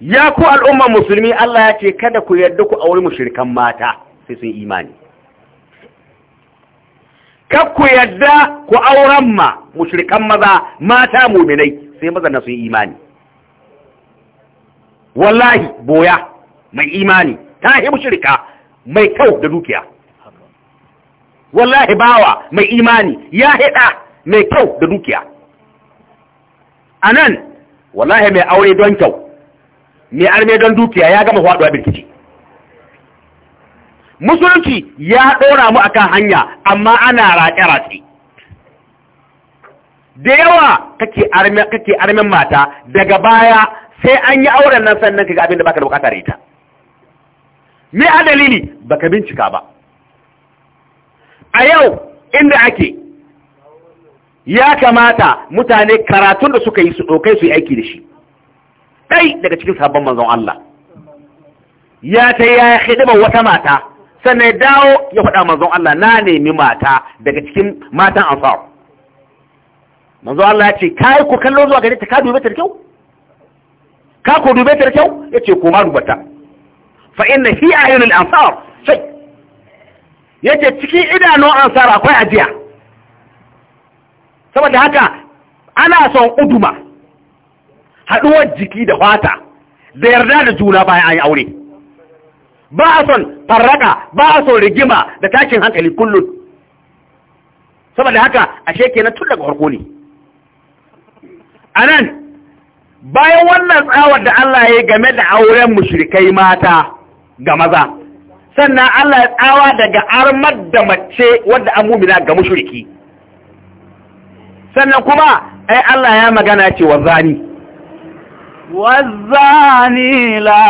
ya ku al'ummar musulmi Allah ya ce kada ku yarda ku aure mushrikan mata sai sun imani kar ku yarda ku auren ma mushrikan maza mata muminai sai maza na sun imani wallahi boya mai imani ta yi mushrika mai kyau da dukiya wallahi bawa mai imani ya hida mai kyau da dukiya anan wallahi mai aure don kyau mai arme don dukiya ya gama faɗuwa birkici musulunci ya ɗora mu akan hanya amma ana raƙe-raƙe da yawa kake armen mata daga baya sai an yi auren nan sannan kaga abin da baka da bukatar ita me a dalili baka bincika ba a yau inda ake ya kamata mutane karatun da suka yi su ɗaukai su yi aiki da shi ɗai daga cikin sabon manzon Allah ya ta ya hidima wata mata sannan ya dawo ya faɗa manzon Allah na nemi mata daga cikin matan ansar manzon Allah ya ce ka yi ku kallo zuwa gare ta ka dube ta da kyau ka ku dube ta da kyau ya ce ko ma dubata fa inna fi ayyunil ansar sai yake cikin idanun ansar akwai ajiya saboda haka ana son uduma haduwar jiki da fata da yarda da juna bayan an yi aure ba a son farraka ba a son rigima da tashin hankali kullum saboda haka ashe kenan tun daga farko ne a bayan wannan tsawar da Allah ya yi game da auren mushrikai mata ga maza sannan Allah ya tsawa daga armar da mace wadda an mumina ga mushriki sannan kuma ai Allah ya magana ce wa zani والزاني لا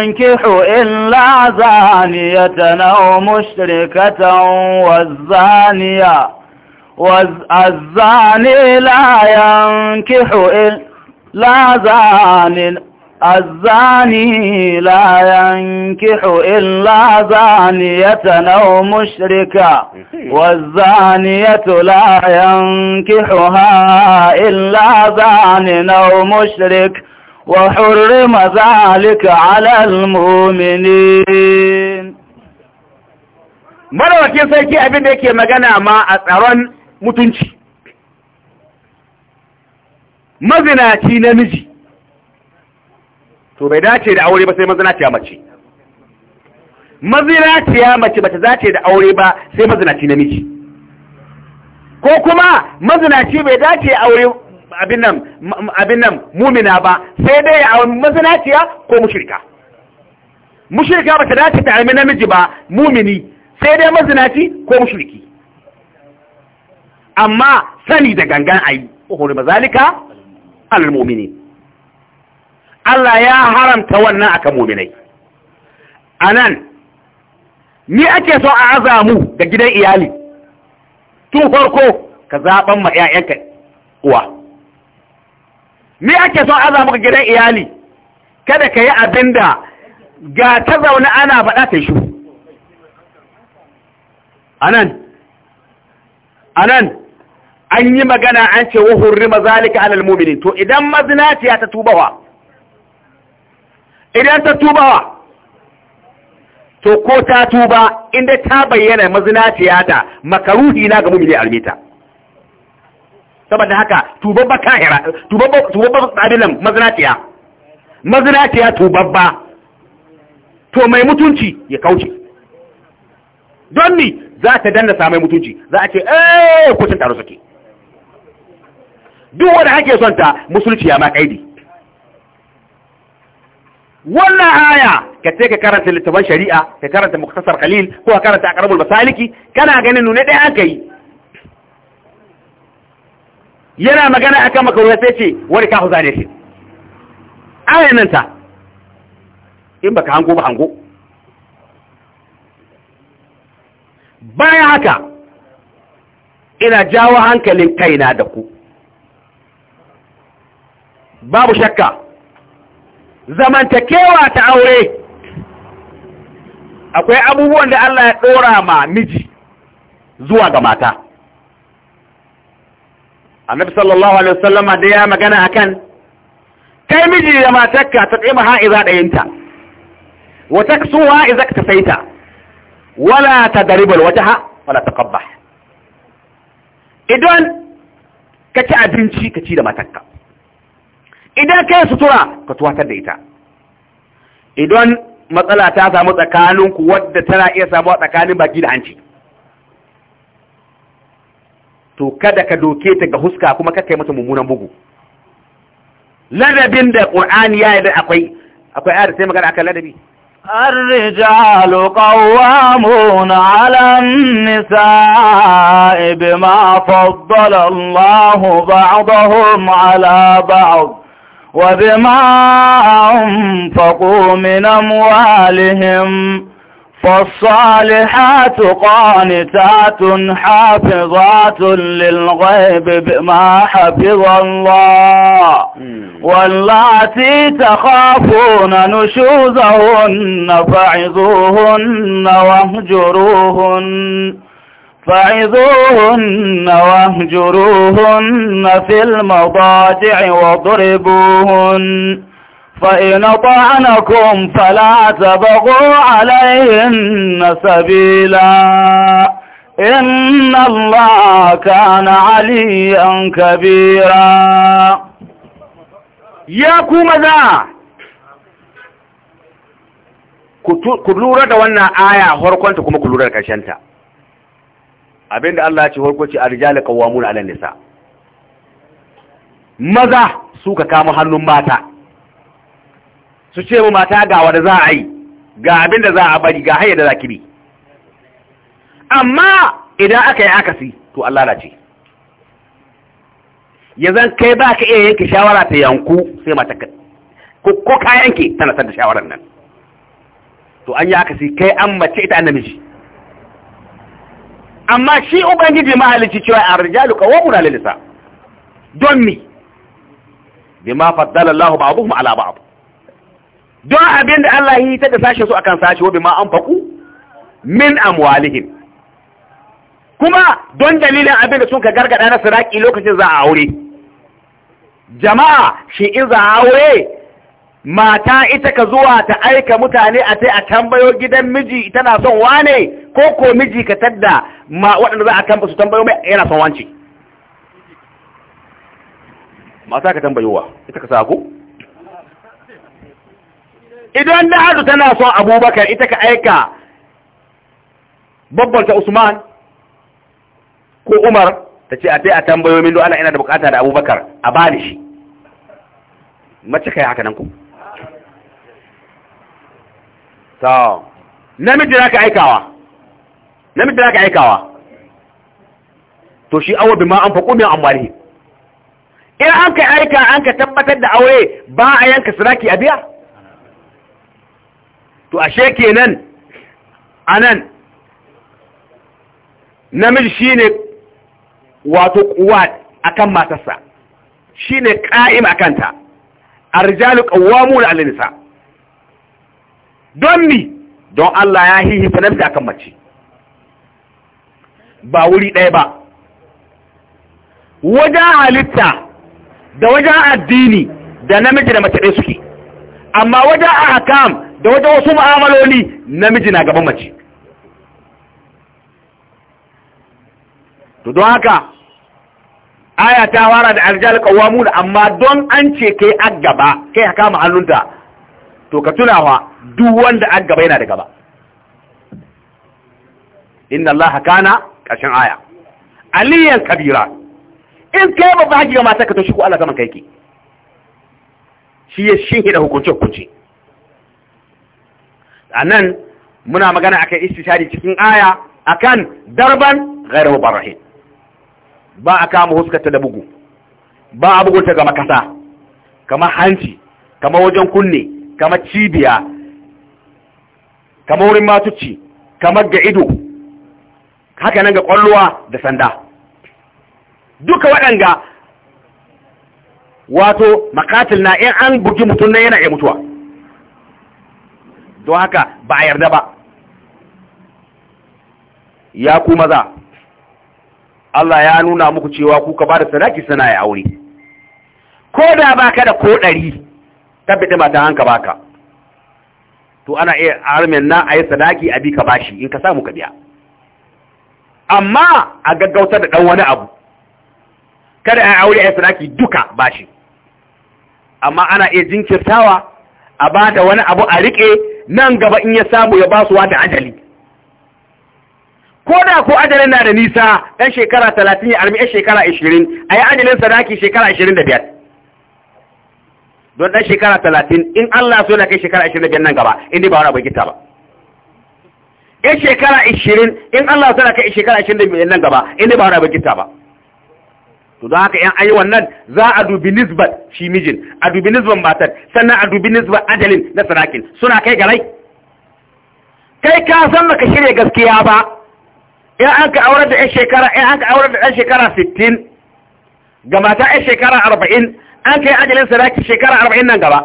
ينكح إلا زانية أو مشركة والزانية والزاني لا ينكح إلا زانية الزاني لا ينكح إلا زانية أو مشركة والزانية لا ينكحها إلا زان أو مشرك وحرم ذلك على المؤمنين مروا كيف سيكي da yake مغانا ما a متنشي مزنا mazinaci namiji to bai dace da aure ba sai mazinaciya mace mazinaciya mace bata dace da aure ba sai mazinaci namiji ko kuma mazinaci bai dace aure abin nan abin nan mumina ba sai dai a mazinaciya ko mushrika mushrika bata dace ta aure namiji ba mumini sai dai mazinaci ko mushriki amma sani da gangan ayi uhuri mazalika al-mu'minin Allah ya haramta wannan akan mu'minai anan ni ake so a azamu ga gidan iyali tun farko ka zaban ma 'ya'yanka uwa ni ake so a azamu ga gidan iyali kada ka yi abinda ga ta zaune ana faɗa ta shi anan anan an yi magana an ce wuhurri mazalika alal mu'minin to idan mazinaciya ta tubawa idan ta tubawa to ko ta tuba inda ta bayyana mazinaciya ta makaruhi na ga mumini almita saboda haka tubabba kahira tubabba tubabba tsadilan mazinaciya mazinaciya tubabba to mai mutunci ya kauce don ni za ta danna mai mutunci za a ce eh kucin taro suke duk wanda hake son ta musulci ya ma kaidi wannan aya ka ce ka karanta littafan shari'a ka karanta muktasar khalil ko ka karanta aqrabul basaliki kana ganin nune ɗaya aka yi yana magana akan makaruwa sai ce wani ka huza ne shi ayan nan ta in baka hango ba hango bayan haka ina jawo hankalin kaina da ku babu shakka zamantakewa ta aure akwai abubuwan da Allah ya ɗora ma miji zuwa ga mata annabi sallallahu alaihi wasallama da ya magana akan kai miji da matarka ta tsima wata iza dayinta wa taksuha iza ta, wala tadribul wajha wala taqabbah idan ka ci abinci ka ci da matarka idan kai sutura ka tuwatar da ita idan matsala ta samu tsakaninku wadda tana iya samuwa tsakanin baki da hanci to kada ka doke ta ga huska kuma ka kai mata mummunan bugu ladabin da Al-ƙur'ani ya yarda akwai akwai ayar sai magana akan ladabi الرجال قوامون على النساء بما فضل الله بعضهم على بعض وبما أنفقوا من أموالهم فالصالحات قانتات حافظات للغيب بما حفظ الله واللاتي تخافون نشوزهن فعظوهن واهجروهن فعذوهن واهجروهن في المضاجع واضربوهن فإن طعنكم فلا تبغوا عليهن سبيلا إن الله كان عليا كبيرا يا كومذا ku lura آية wannan aya farkonta kuma ku abinda Allah ya ce farko ce arjalu qawwamuna 'ala nisa maza suka kama hannun mata su ce mu mata ga wanda za a yi ga abinda za a bari ga hayyada da za ki bi amma idan aka yi akasi to Allah ya zan kai ba ka iya yanke shawara ta yanku sai mata ka, ko ka yanke tana san da shawarar nan to an yi akasi kai an mace ita an namiji amma shi ubangiji mahalici cewa a rijalu qawwamuna lil lalisa. don mi ma faddala ba ba'dhum ala ba'd don abin da Allah yi ta da sashe su akan sashe wa bima anfaqu min amwalihim kuma don dalilin da sun ka gargada na siraki lokacin za a aure jama'a shi in za a aure mata ita ka zuwa ta aika mutane a sai a tambayo gidan miji tana son wane ko ko miji ka tadda ma waɗanda za a tamba su tambayo mai yana son wance sa ka tambayowa ita ka sako idan na hadu tana son abubakar ita ka aika ta usman ko umar ta ce a ta yi a tambayo min Allah ina da bukata da abubakar a bani shi mace yi haka nan ku namiji na ka aikawa namiji da aka aikawa to shi awa bi an faƙo min in an ka aika an ka tabbatar da aure ba a yanka siraki a biya to ashe kenan anan namiji shine wato kuwa akan matarsa shine a kanta a arjalu qawwamuna da nisa don mi don Allah ya hihi fi namiji kan mace ba wuri ɗaya ba wajen halitta da wajen addini da namiji da mace ɗaya suke amma wajen ahkam da wajen wasu ma'amaloli namiji na gaban mace to don haka aya ta fara da arjal qawamun amma don an ce kai aggaba kai haka mu to ka tunawa duk wanda agaba yana da gaba inna allaha kana ƙarshen aya aliyan kabira in kai babba haƙi ga mata ka to shi ko Allah zaman kai ke shi ya shin da hukunce hukunce anan muna magana akan istishari cikin aya akan darban ghairu mubarrahin ba a kama huskarta da bugu ba a bugunta ga makasa kamar hanci kamar wajen kunne kamar cibiya kamar wurin matuci kamar ga ido haka nan ga kwalluwa da sanda duka waɗanga wato makatil na in an bugi mutum na yana iya mutuwa don haka ba a yarda ba ya ku maza Allah ya nuna muku cewa kuka ba da sadaki sana ya aure ko da baka da ko ɗari tabbata ta hanka baka to ana iya armen na a yi sadaki a bi ka bashi in ka samu ka biya amma a gaggauta da ɗan wani abu kada a aure a sadaki duka ba shi amma ana iya jinkirtawa a ba da wani abu a riƙe nan gaba in ya samu ya basuwa da ajali ko da ko ajalin na da nisa ɗan shekara talatin ya armi shekara ashirin a yi ajalin sadaki shekara ashirin da biyar don ɗan shekara talatin in Allah so na kai shekara ashirin da biyar nan gaba in dai ba wani abu gita ba in shekara 20 in Allah sana kai shekara 25 nan gaba in ba wani abin ba to don haka yan ayi wannan za a dubi nisbat shi mijin a dubi nisban matar sannan a dubi nisbat ajalin na sarakin suna kai garai kai ka san maka shirya gaskiya ba in an ka aurar da yan shekara in an ka aurar da yan shekara 60 ga mata yan shekara 40 an kai ajalin sarakin shekara 40 nan gaba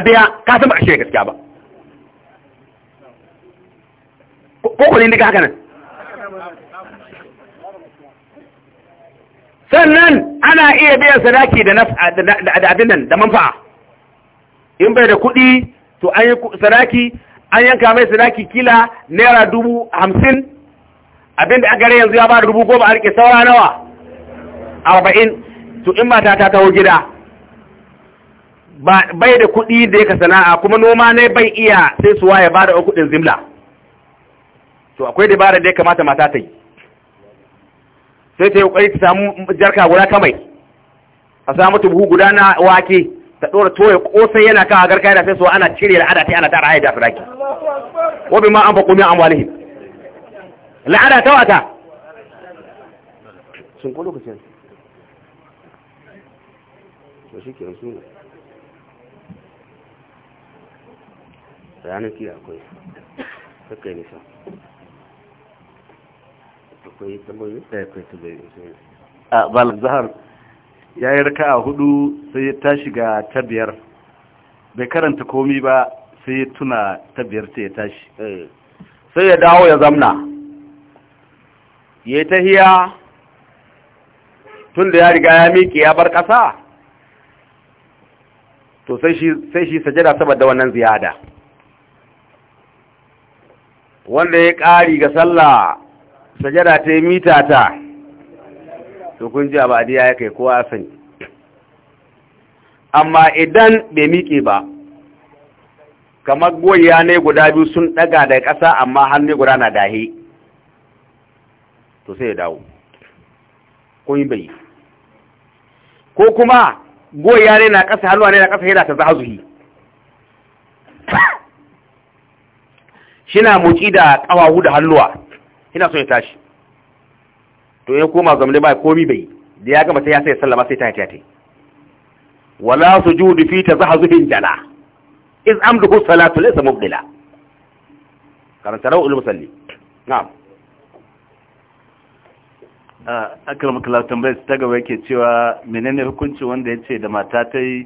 a biya ka san maka shirya gaskiya ba ko kulin duka haka nan sannan ana iya biyan sadaki da abin nan da manfa'a in bai da kuɗi to an yi sadaki an yanka mai sadaki kila naira dubu hamsin abin da aka yanzu ya ba da dubu goma a saura nawa arba'in to in mata ta taho gida bai da kuɗi da yaka sana'a kuma noma ne bai iya sai suwa ya ba da kuɗin zimla to akwai dabarar da ya kamata mata ta yi sai ta yi kokari ta samu jarka guda kamai a samu buhu guda na wake ta ɗora toye ƙosai yana kan agar kai da sai so ana cire la'ada ta ana tara haida firaki bi ma an faqu min amwalihim la'ada ta wata sun ko lokacin to ke su ranar kiyar kai kakkai nisa Eh, akwai tambayoyi akwai tambayoyi a zahar ya yi raka a hudu sai ya tashi ga ta biyar bai karanta komi ba sai ya tuna ta biyar sai ya tashi eh. sai ya dawo ya zamna ya yi hiya tun da ya riga ya miƙe ya bar ƙasa to sai shi sajada saboda wannan ziyada wanda ya ƙari ga sallah sajada ta yi mita ta to kun ji abu adiya ya kai kowa sani amma idan bai miƙe ba kamar goyiya ne guda biyu sun ɗaga da ƙasa amma hannu guda na dahe to sai ya dawo kun yi bai ko kuma goyiya ne na ƙasa hannuwa ne na ƙasa yana ta *coughs* Shi shina muci da ƙawahu da hannuwa ina so ya tashi to ya koma zamle ba komi bai da ya gama sai ya sai sallama sai ta ta ta wala sujud fi tazahzuhin jala iz amduhu salatu laysa mubdila karanta ul musalli na'am akalmakala tambayar ta gaba yake cewa menene hukunci wanda ya ce da mata ta yi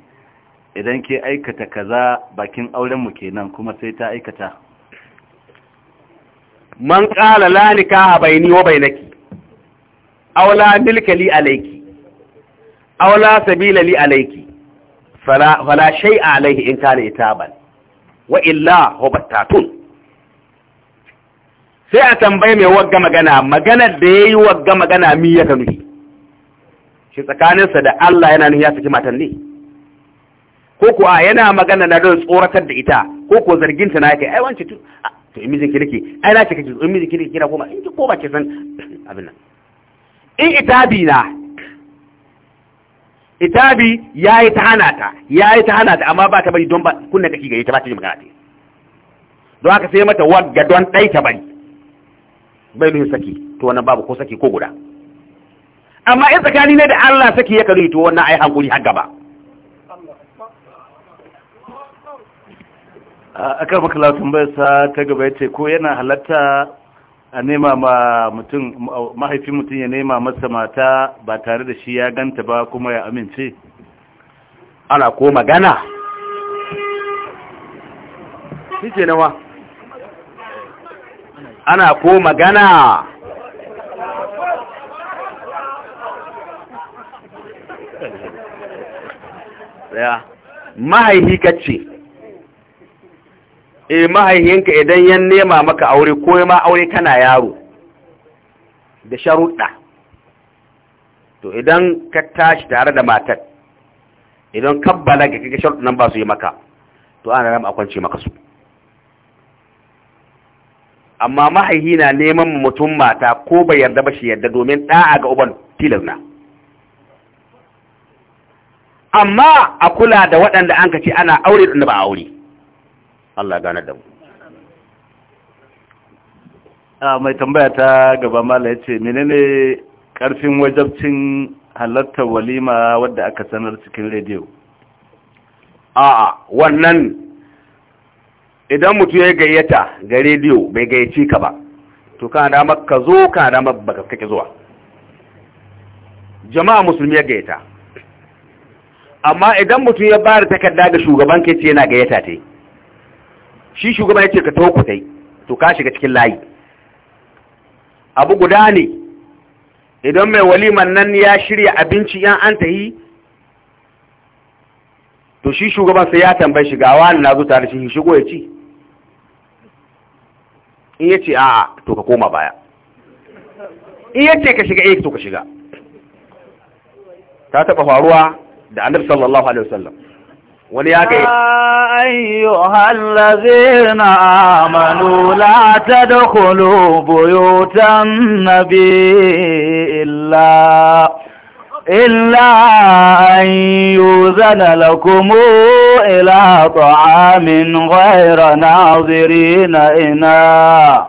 idan ke aikata kaza bakin aurenmu kenan kuma sai ta aikata man ƙala lanika a baini wa bainaki aula milka li alaiki aula sabila li alaiki, fala shai a alaihi in ita itaban wa illa hubattatun sai a tambaye mai wagga magana maganar da ya yi wagga magana mi ya kanuhi shi tsakaninsa da Allah yana nuhi ya saki matan ne ko kuwa yana magana na don tsoratar da ita ko ko zarginta na yake ai wance to in mijinki nake ai na ce kake in mijinki nake kira goma in ki koma ki san abin nan in itabi na itabi yayi ta hana ta yayi ta hana ta amma ba ta bari don ba kunna kake gare ta ba ta yi magana ta don haka sai mata wagga don dai ta bari bai nuhin saki to wannan babu ko saki ko guda amma in tsakani ne da Allah saki ya kare to wannan ai hankuri har gaba aka makala tambayarsa ta gaba ya ce ko yana halatta a nema ma mutum mahaifin mutum ya nema masa mata ba tare da shi ya ganta ba kuma ya amince ana ko magana shi ce nawa ana ko magana mahaifi kacce E eh, mahaihinka idan ya nema maka aure ko ma aure kana yaro da sharuɗa to idan ka tashi tare da matar idan kabbala ga kake sharuɗa nan ba su yi maka to ana rama akwance maka su amma mahaihi na neman mutum mata ko bai yarda ba shi yarda domin ɗa'a ga uban tilas na amma a kula da waɗanda an ka ce ana aure da ba aure Allah gane da mu a mai tambaya ta gaba mala yace menene ƙarfin wajabcin halartar walima wadda aka sanar cikin rediyo a'a wannan idan mutum ya gayyata ga rediyo bai gayyaci ka ba to kana damar ka zo ka da damar baka kake zuwa jama'a musulmi ya gayyata amma idan mutum ya bada takarda ga shugaban kai ce yana gayyata ta yi shi shugaba ya ce ka taho ku to ka shiga cikin layi abu guda ne idan mai waliman nan ya shirya abinci yan an tahi to shi shugaban sai ya tambayi shigawa na zo tare shi shigo ya ci in ya ce a'a to ka koma baya in ya ce ka shiga eh to ka shiga ta taba faruwa da annabi sallallahu alaihi wasallam يا أيها الذين آمنوا لا تدخلوا بيوت النبي إلا إلا أن يوزن لكم إلى طعام غير ناظرين إنا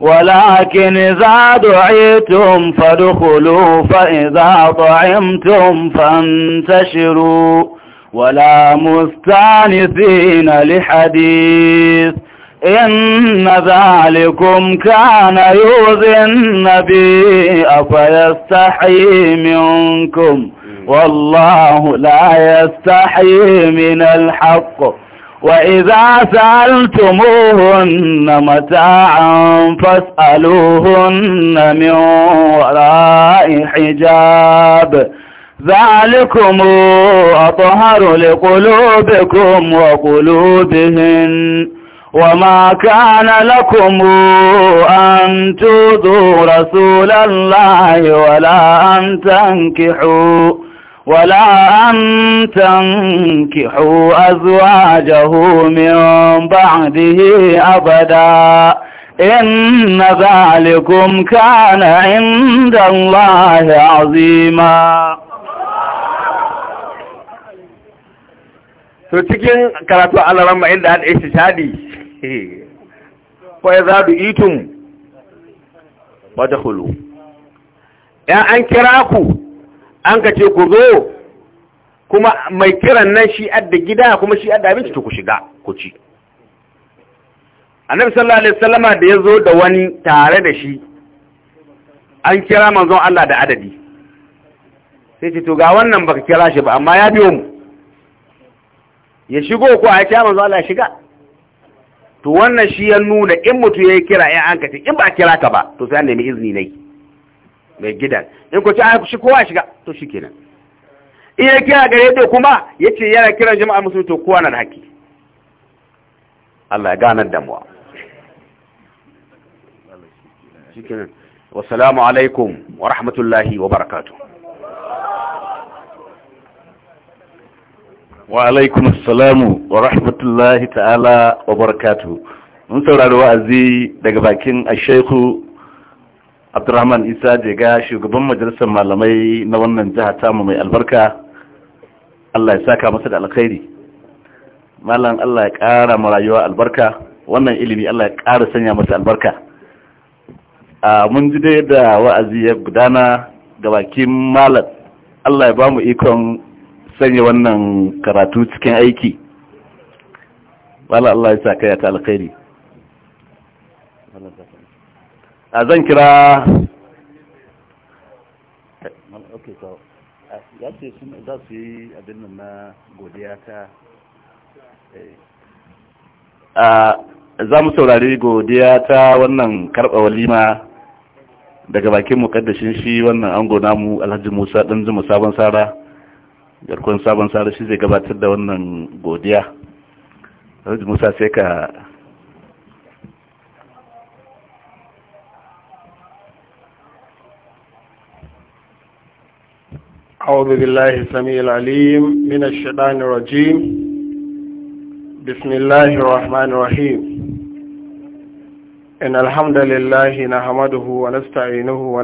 ولكن إذا دعيتم فادخلوا فإذا طعمتم فانتشروا ولا مستانسين لحديث إن ذلكم كان يؤذي النبي أفيستحي منكم والله لا يستحي من الحق وإذا سألتموهن متاعا فاسألوهن من وراء حجاب ذلكم أطهر لقلوبكم وقلوبهن وما كان لكم أن تؤذوا رسول الله ولا أن تنكحوا ولا أن تنكحوا أزواجه من بعده أبدا إن ذلكم كان عند الله عظيما so cikin karatu alarama inda an shadi, ko ya itun itum hulu. ya an kira ku an ka ce ku zo kuma mai kiran nan shi adda gida kuma shi adda abinci to ku shiga ku ci annabi sallallahu alaihi wasallam da yazo da wani tare da shi an kira manzon Allah da adadi sai ce to ga wannan baka kira shi ba amma ya biyo mu ya shigo ko a ce manzo Allah shiga to wannan shi ya nuna in mutu ya yi kira ya an kace in ba kira ka ba to sai an nemi izini ne mai gidan in ku ci a shi kowa shiga to shi kenan in ya kira gare to kuma ya ce yana kiran jama'a musulmi to kowa na da haƙƙi Allah ya gane da mu shi kenan wassalamu alaikum wa rahmatullahi wa barakatuh wa alaikum assalamu wa rahmatullahi ta'ala wa barakatuhu mun saurari wa'azi daga bakin ashaiku abdurrahman isa jega shugaban majalisar malamai na wannan jiha tamu mai albarka allah ya saka masa da alkhairi malam allah ya ƙara marayuwa albarka wannan ilimi allah ya ƙara sanya masa albarka a mun ji dai da wa'azi ya gudana ga bakin malam Allah ya bamu ikon sanya wannan karatu cikin aiki wala Allah ya sa kai ta alkhairi a zan kira uh, ya ce sun za su yi abin nan na godiya ta eh. za mu saurari godiya ta wannan karɓa walima daga bakin kaddashin shi wannan ango namu alhaji musa ɗan jima sabon sara garkon sabon sa shi zai gabatar da wannan godiya alhaji musa sai ka أعوذ بالله السميع العليم من الشيطان الرجيم بسم الله الرحمن الرحيم إن الحمد لله نحمده ونستعينه ونستعينه